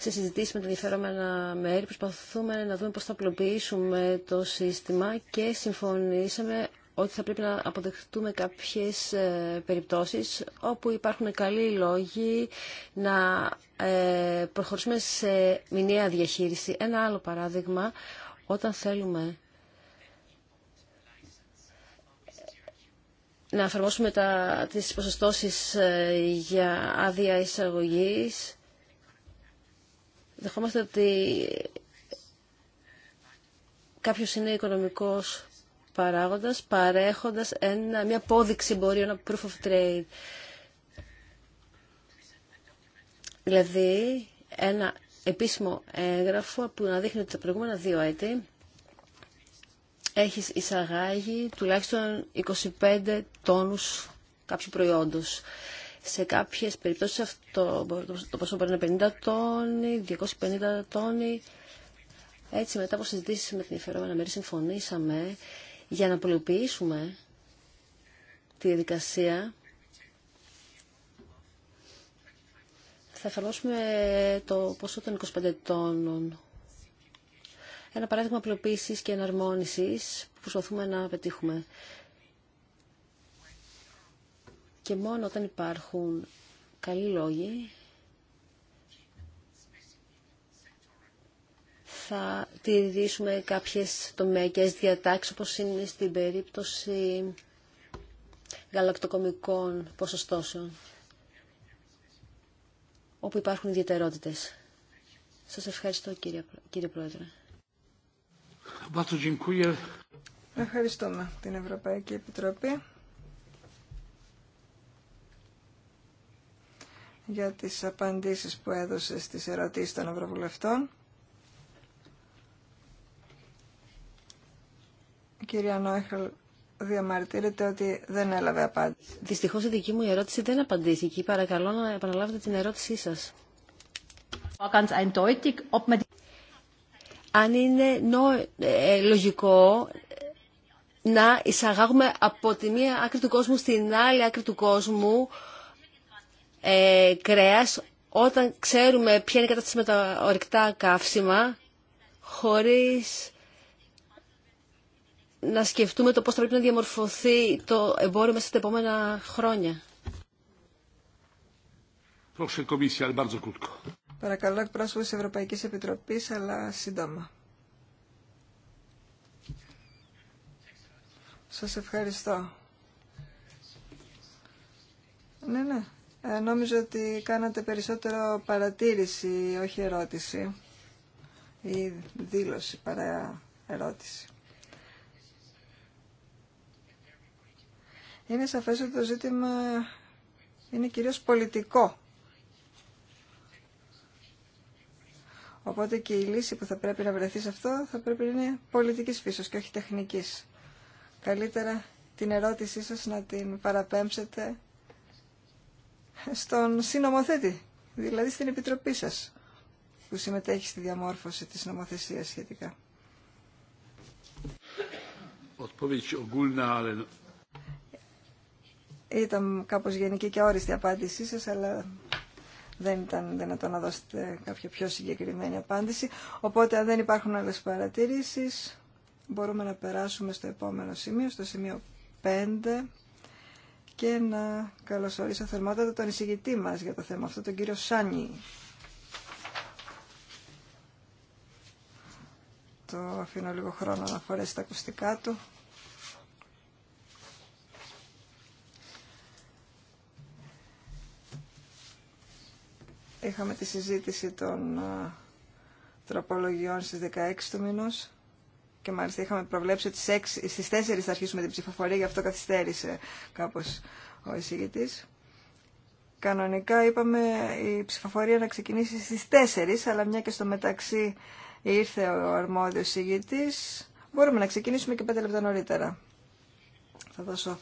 σε συζητήσεις με τα ενδιαφερόμενα μέρη. Προσπαθούμε να δούμε πώς θα απλοποιήσουμε το σύστημα και συμφωνήσαμε ότι θα πρέπει να αποδεχτούμε κάποιες ε, περιπτώσεις όπου υπάρχουν καλοί λόγοι να ε, προχωρήσουμε σε μηνιαία διαχείριση. Ένα άλλο παράδειγμα, όταν θέλουμε να εφαρμόσουμε τα, τις ε, για άδεια εισαγωγής δεχόμαστε ότι κάποιος είναι οικονομικός παράγοντας παρέχοντας ένα, μια απόδειξη μπορεί, ένα proof of trade. Δηλαδή, ένα επίσημο έγγραφο που να δείχνει ότι τα προηγούμενα δύο έτη έχεις εισαγάγει τουλάχιστον 25 τόνους κάποιου προϊόντος. Σε κάποιες περιπτώσεις αυτό, το ποσό μπορεί να είναι 50 τόνοι, 250 τόνοι. Έτσι μετά από συζητήσεις με την εφερόμενα μέρη συμφωνήσαμε για να απλοποιήσουμε τη διαδικασία θα εφαρμόσουμε το ποσό των 25 τόνων. Ένα παράδειγμα απλοποίησης και εναρμόνισης που προσπαθούμε να πετύχουμε και μόνο όταν υπάρχουν καλοί λόγοι θα τηρήσουμε κάποιες τομεκές διατάξεις όπως είναι στην περίπτωση γαλακτοκομικών ποσοστώσεων όπου υπάρχουν ιδιαιτερότητες. Σας ευχαριστώ κύριε, κύριε Πρόεδρε. Ευχαριστούμε την Ευρωπαϊκή Επιτροπή. για τις απαντήσεις που έδωσε στις ερωτήσεις των Ευρωβουλευτών. Η κυρία Νόιχελ διαμαρτύρεται ότι δεν έλαβε απάντηση. Δυστυχώς η δική μου ερώτηση δεν απαντήθηκε. Παρακαλώ να επαναλάβετε την ερώτησή σας. Αν είναι νο... Ε, ε, λογικό να εισαγάγουμε από τη μία άκρη του κόσμου στην άλλη άκρη του κόσμου ε, κρέας όταν ξέρουμε ποια είναι η κατάσταση με τα ορυκτά καύσιμα χωρίς να σκεφτούμε το πώς θα πρέπει να διαμορφωθεί το εμπόριο μέσα στα επόμενα χρόνια. Παρακαλώ εκπρόσωπο τη Ευρωπαϊκή Επιτροπή, αλλά σύντομα. Σα ευχαριστώ. Ναι, ναι. Ε, νόμιζα ότι κάνατε περισσότερο παρατήρηση, όχι ερώτηση ή δήλωση παρά ερώτηση. Είναι σαφές ότι το ζήτημα είναι κυρίως πολιτικό. Οπότε και η λύση που θα πρέπει να βρεθεί σε αυτό θα πρέπει να είναι πολιτικής φύσης και όχι τεχνικής. Καλύτερα την ερώτησή σας να την παραπέμψετε στον συνομοθέτη, δηλαδή στην Επιτροπή σας, που συμμετέχει στη διαμόρφωση της νομοθεσίας σχετικά. Ήταν κάπως γενική και όριστη απάντησή σας, αλλά δεν ήταν δυνατόν να δώσετε κάποια πιο συγκεκριμένη απάντηση. Οπότε, αν δεν υπάρχουν άλλες παρατηρήσεις, μπορούμε να περάσουμε στο επόμενο σημείο, στο σημείο 5 και να καλωσορίσω θερμότατα τον εισηγητή μας για το θέμα αυτό, τον κύριο Σάνι. Το αφήνω λίγο χρόνο να φορέσει τα ακουστικά του. Είχαμε τη συζήτηση των ε, τροπολογιών στις 16 του μηνός και μάλιστα είχαμε προβλέψει ότι στι 4 θα αρχίσουμε την ψηφοφορία, γι' αυτό καθυστέρησε κάπω ο εισηγητή. Κανονικά είπαμε η ψηφοφορία να ξεκινήσει στι 4, αλλά μια και στο μεταξύ ήρθε ο αρμόδιος εισηγητή, μπορούμε να ξεκινήσουμε και 5 λεπτά νωρίτερα. Θα δώσω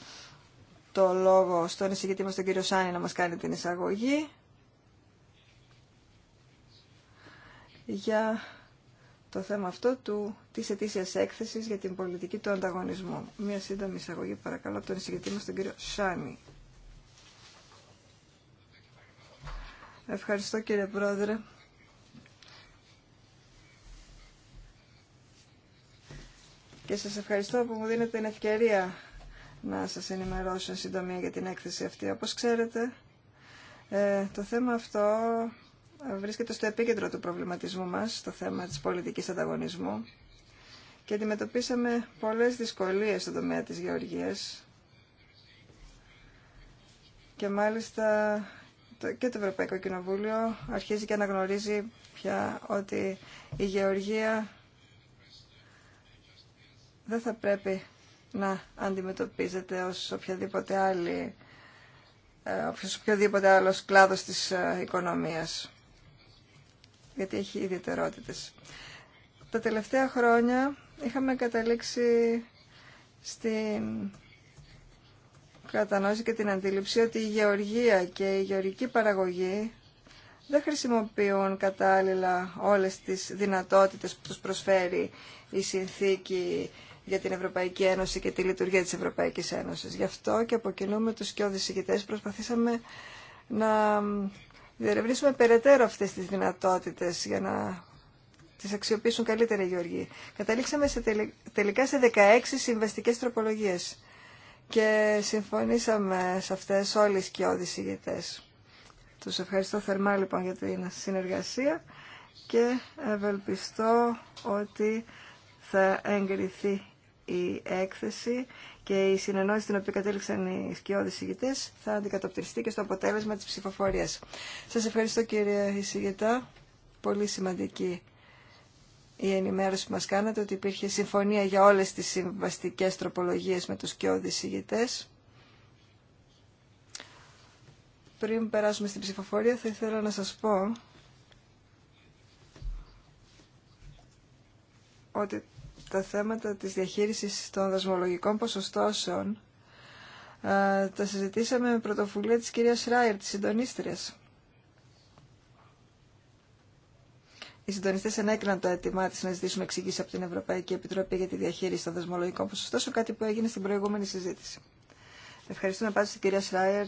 το λόγο στον εισηγητή μα τον κύριο Σάνι να μα κάνει την εισαγωγή για το θέμα αυτό του, της ετήσιας έκθεσης για την πολιτική του ανταγωνισμού. Μία σύντομη εισαγωγή παρακαλώ από τον εισηγητή μας τον κύριο Σάνι. Ευχαριστώ κύριε Πρόεδρε. Και σας ευχαριστώ που μου δίνετε την ευκαιρία να σας ενημερώσω σύντομη για την έκθεση αυτή. Όπως ξέρετε, ε, το θέμα αυτό βρίσκεται στο επίκεντρο του προβληματισμού μας στο θέμα της πολιτικής ανταγωνισμού και αντιμετωπίσαμε πολλές δυσκολίες στον τομέα της γεωργίας και μάλιστα και το Ευρωπαϊκό Κοινοβούλιο αρχίζει και αναγνωρίζει πια ότι η γεωργία δεν θα πρέπει να αντιμετωπίζεται ως οποιαδήποτε άλλη ε, οποιοδήποτε άλλος κλάδος της ε, οικονομίας γιατί έχει ιδιαιτερότητες. Τα τελευταία χρόνια είχαμε καταλήξει στην κατανόηση και την αντίληψη ότι η γεωργία και η γεωργική παραγωγή δεν χρησιμοποιούν κατάλληλα όλες τις δυνατότητες που τους προσφέρει η συνθήκη για την Ευρωπαϊκή Ένωση και τη λειτουργία της Ευρωπαϊκής Ένωσης. Γι' αυτό και από κοινού με τους και προσπαθήσαμε να διερευνήσουμε περαιτέρω αυτές τις δυνατότητες για να τις αξιοποιήσουν καλύτερα οι Γεωργοί. Καταλήξαμε σε τελικά σε 16 συμβαστικές τροπολογίες και συμφωνήσαμε σε αυτές όλοι οι σκιώδεις ηγετές. Τους ευχαριστώ θερμά λοιπόν για την συνεργασία και ευελπιστώ ότι θα εγκριθεί η έκθεση και η συνεννόηση στην οποία κατέληξαν οι σκιώδεις θα αντικατοπτριστεί και στο αποτέλεσμα της ψηφοφορίας. Σας ευχαριστώ κύριε εισηγητά. Πολύ σημαντική η ενημέρωση που μας κάνατε ότι υπήρχε συμφωνία για όλες τις συμβαστικές τροπολογίες με τους σκιώδεις ηγητές. Πριν περάσουμε στην ψηφοφορία θα ήθελα να σας πω ότι τα θέματα της διαχείρισης των δασμολογικών ποσοστώσεων ε, τα συζητήσαμε με πρωτοβουλία της κυρίας Ράιρ, της συντονίστριας. Οι συντονιστέ ενέκριναν το αίτημά τη να ζητήσουμε εξηγήσει από την Ευρωπαϊκή Επιτροπή για τη διαχείριση των δασμολογικών ποσοστώσεων, κάτι που έγινε στην προηγούμενη συζήτηση. Ευχαριστούμε πάντω την κυρία Σράιερ,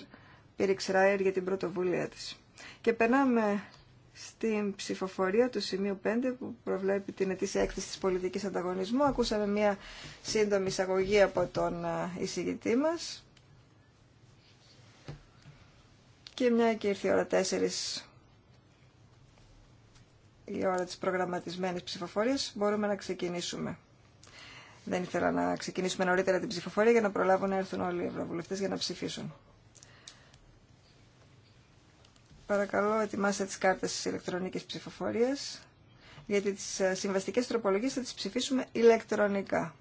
Πύριξ Ράιερ, για την πρωτοβουλία τη. Και περνάμε στην ψηφοφορία του σημείου 5 που προβλέπει την ετήσια έκθεση της πολιτικής ανταγωνισμού ακούσαμε μια σύντομη εισαγωγή από τον ε, εισηγητή μας και μια και ήρθε η ώρα 4 η ώρα της προγραμματισμένης ψηφοφορίας μπορούμε να ξεκινήσουμε. Δεν ήθελα να ξεκινήσουμε νωρίτερα την ψηφοφορία για να προλάβουν να έρθουν όλοι οι ευρωβουλευτές για να ψηφίσουν. Παρακαλώ, ετοιμάστε τις κάρτες ηλεκτρονικής ψηφοφορίας, γιατί τις ε, συμβαστικές τροπολογίες θα τις ψηφίσουμε ηλεκτρονικά.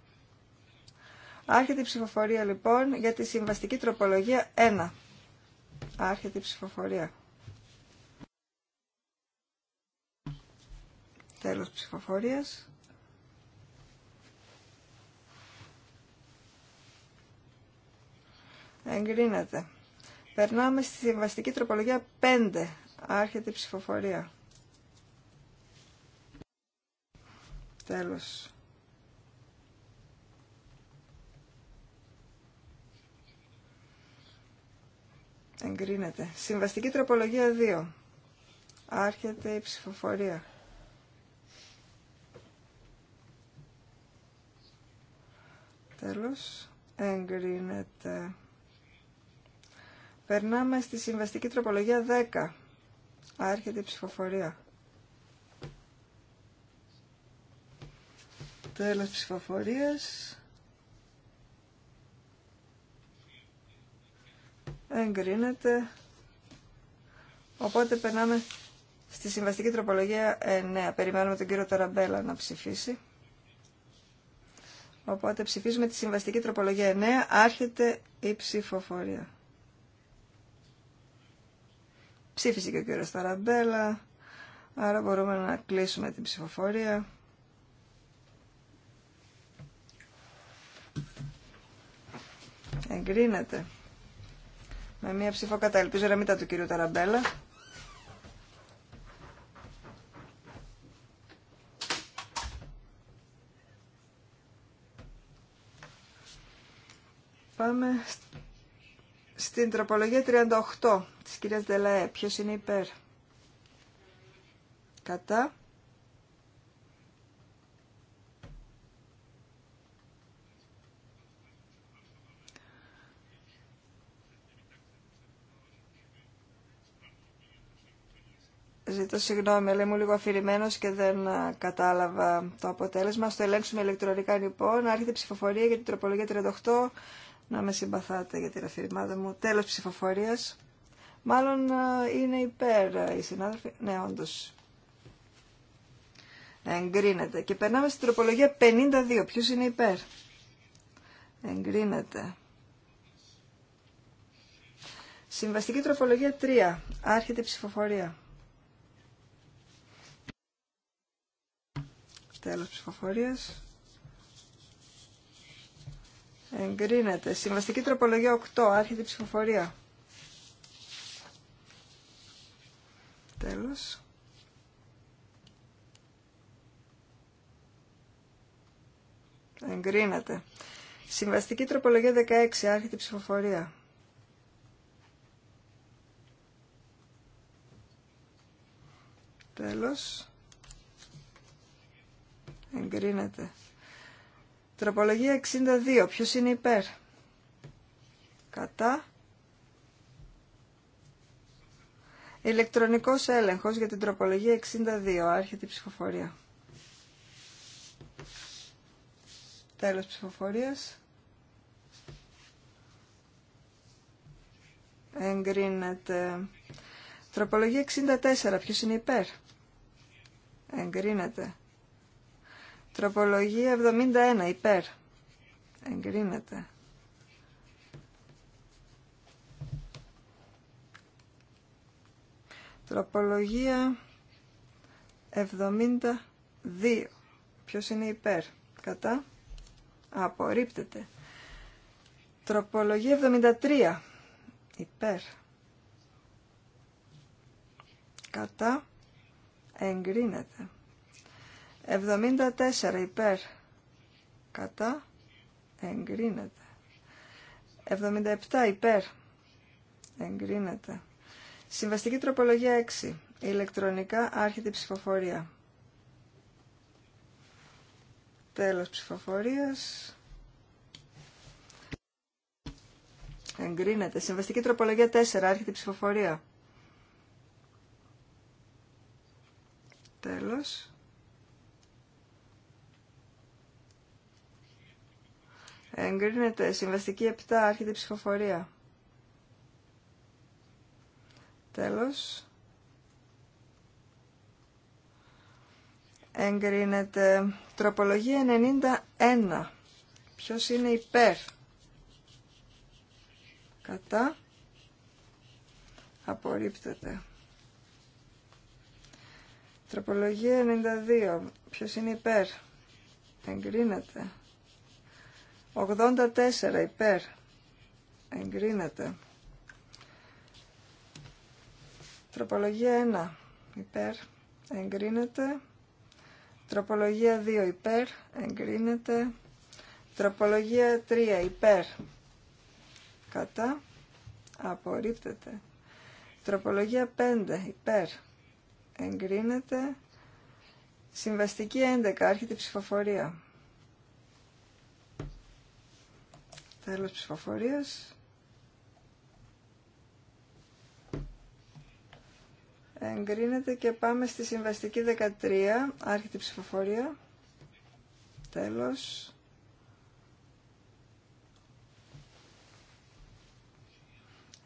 Άρχεται η ψηφοφορία λοιπόν για τη συμβαστική τροπολογία 1. Άρχεται η ψηφοφορία. Τέλος ψηφοφορίας. Εγκρίνεται. Περνάμε στη συμβαστική τροπολογία 5. Άρχεται η ψηφοφορία. Τέλος. Εγκρίνεται. Συμβαστική τροπολογία 2. Άρχεται η ψηφοφορία. Τέλος. Εγκρίνεται. Περνάμε στη συμβαστική τροπολογία 10. Άρχεται η ψηφοφορία. Τέλος ψηφοφορίας. Εγκρίνεται. Οπότε περνάμε στη συμβαστική τροπολογία 9. Ε, ναι, περιμένουμε τον κύριο Ταραμπέλα να ψηφίσει. Οπότε ψηφίζουμε τη συμβαστική τροπολογία 9. Ε, ναι, άρχεται η ψηφοφορία. Ψήφισε και ο κύριος Ταραμπέλα, άρα μπορούμε να κλείσουμε την ψηφοφορία. Εγκρίνεται. Με μία ψήφο κατά. Ελπίζω ρεμίτα του κύριου Ταραμπέλα. Πάμε στην τροπολογία 38 της κυρίας Δελαέ, ποιος είναι υπέρ. Κατά. Ζητώ συγγνώμη, αλλά μου λίγο αφηρημένος και δεν κατάλαβα το αποτέλεσμα. Στο ελέγξουμε ηλεκτρονικά λοιπόν. Άρχεται η ψηφοφορία για την τροπολογία 38 να με συμπαθάτε για την αφηρημάδα μου. Τέλος ψηφοφορίας. Μάλλον ε, είναι υπέρ ε, οι συνάδελφοι. Ναι, όντως. Εγκρίνεται. Και περνάμε στην τροπολογία 52. Ποιος είναι υπέρ. Εγκρίνεται. Συμβαστική τροπολογία 3. Άρχεται η ψηφοφορία. Τέλος ψηφοφορίας. Εγκρίνεται. Συμβαστική τροπολογία 8. Άρχεται η ψηφοφορία. Τέλος. Εγκρίνεται. Συμβαστική τροπολογία 16. Άρχεται ψηφοφορία. Τέλος. Εγκρίνεται. Τροπολογία 62. Ποιος είναι υπέρ. Κατά. Ηλεκτρονικός έλεγχος για την τροπολογία 62. Άρχεται η ψηφοφορία. Τέλος ψηφοφορίας. Εγκρίνεται. Τροπολογία 64. Ποιος είναι υπέρ. Εγκρίνεται. Τροπολογία 71 υπέρ. Εγκρίνεται. Τροπολογία 72. Ποιος είναι υπέρ. Κατά. Απορρίπτεται. Τροπολογία 73. Υπέρ. Κατά. Εγκρίνεται. 74 υπέρ κατά εγκρίνεται 77 υπέρ εγκρίνεται Συμβαστική τροπολογία 6 ηλεκτρονικά άρχεται η ψηφοφορία τέλος ψηφοφορίας εγκρίνεται Συμβαστική τροπολογία 4 άρχεται η ψηφοφορία τέλος Εγκρίνεται. Συμβαστική 7. Άρχεται η ψηφοφορία. Τέλος. Εγκρίνεται. Τροπολογία 91. Ποιος είναι υπέρ. Κατά. Απορρίπτεται. Τροπολογία 92. Ποιος είναι υπέρ. Εγκρίνεται. 84 υπέρ. Εγκρίνεται. Τροπολογία 1 υπέρ. Εγκρίνεται. Τροπολογία 2 υπέρ. Εγκρίνεται. Τροπολογία 3 υπέρ. Κατά. Απορρίπτεται. Τροπολογία 5 υπέρ. Εγκρίνεται. Συμβαστική 11 άρχεται ψηφοφορία. Τέλος ψηφοφορίας. Εγκρίνεται και πάμε στη συμβαστική 13, άρχιτη ψηφοφορία. Τέλος.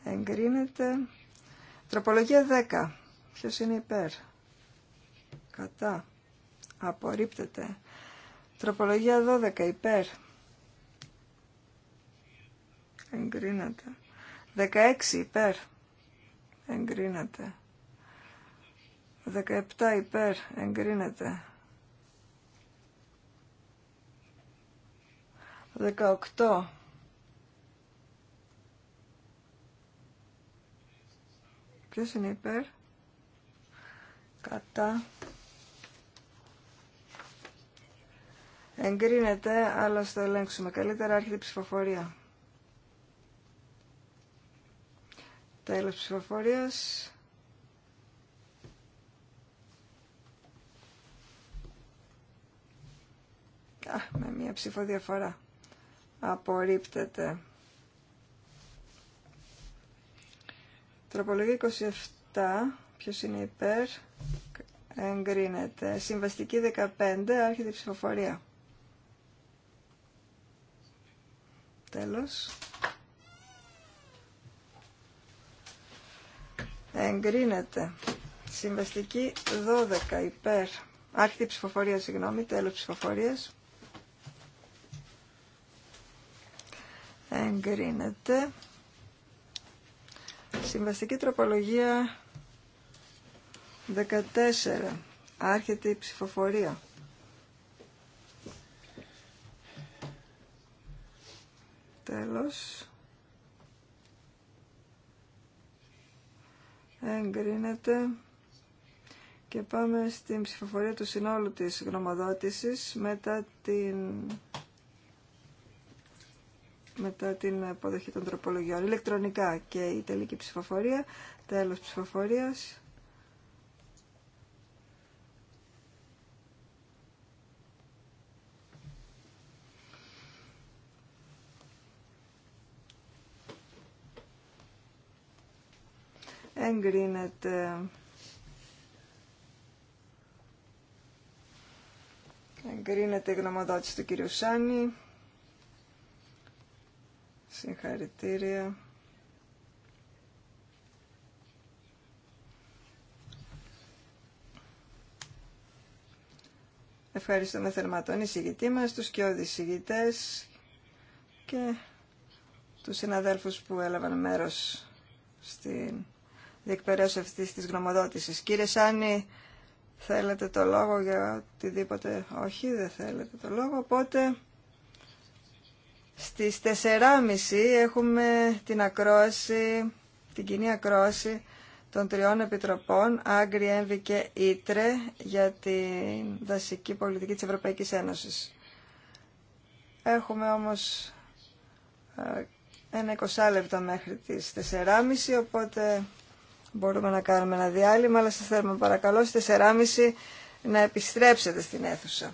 Εγκρίνεται. Τροπολογία 10. Ποιος είναι υπέρ. Κατά. Απορρίπτεται. Τροπολογία 12. Υπέρ εγκρίνεται. 16 υπέρ, εγκρίνεται. 17 υπέρ, εγκρίνεται. 18 Ποιος είναι υπέρ Κατά Εγκρίνεται αλλά στο ελέγξουμε Καλύτερα έρχεται η ψηφοφορία Τέλος ψηφοφορίας. με μία ψηφοδιαφορά. Απορρίπτεται. Τροπολογία 27. Ποιος είναι υπέρ. Εγκρίνεται. Συμβαστική 15. Άρχεται η ψηφοφορία. Τέλος. εγκρίνεται. Συμβαστική 12 υπέρ. Άρχιτη ψηφοφορία, συγγνώμη, τέλος ψηφοφορίας. Εγκρίνεται. Συμβαστική τροπολογία 14. Άρχεται η ψηφοφορία. Τέλος. εγκρίνεται και πάμε στην ψηφοφορία του συνόλου της γνωμοδότησης μετά την, μετά την αποδοχή των τροπολογιών ηλεκτρονικά και η τελική ψηφοφορία τέλος ψηφοφορίας εγκρίνεται. Εγκρίνεται η γνωμοδότηση του κύριου Σάνη. Συγχαρητήρια. Ευχαριστούμε θερμά τον εισηγητή μας, τους και εισηγητέ και τους συναδέλφους που έλαβαν μέρος στην διεκπαιρέωση αυτή τη γνωμοδότηση. Κύριε Σάνη, θέλετε το λόγο για οτιδήποτε. Όχι, δεν θέλετε το λόγο. Οπότε στις 4.30 έχουμε την ακρόαση, την κοινή ακρόαση των τριών επιτροπών, Άγκρι, Έμβη και Ήτρε, για την δασική πολιτική της Ευρωπαϊκής Ένωσης. Έχουμε όμως ε, ένα 20 μέχρι τις 4.30, οπότε Μπορούμε να κάνουμε ένα διάλειμμα, αλλά σας θέλουμε παρακαλώ στις 4.30 να επιστρέψετε στην αίθουσα.